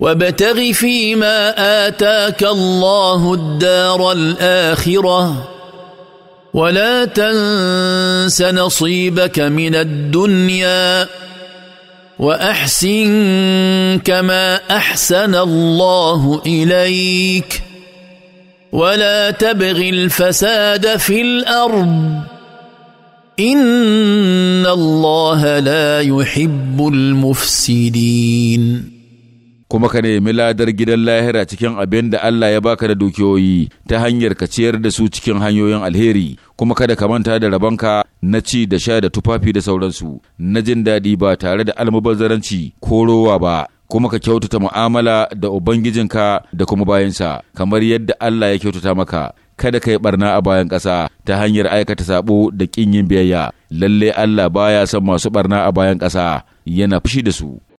وابتغ فيما اتاك الله الدار الاخره ولا تنس نصيبك من الدنيا واحسن كما احسن الله اليك ولا تبغ الفساد في الارض ان الله لا يحب المفسدين kuma ka nemi ladar gidan lahira cikin abin da Allah ya baka da dukiyoyi ta hanyar ka ciyar da su cikin hanyoyin alheri kuma kada ka manta da rabanka na ci da sha da tufafi da sauransu na jin daɗi ba tare da almubazzaranci ko rowa ba kuma ka kyautata mu'amala da ubangijinka da kuma bayansa kamar yadda Allah ya kyautata maka kada ka yi barna a bayan ƙasa ta hanyar aikata sabo da ƙin yin biyayya lalle Allah baya son masu barna a bayan ƙasa yana fushi da su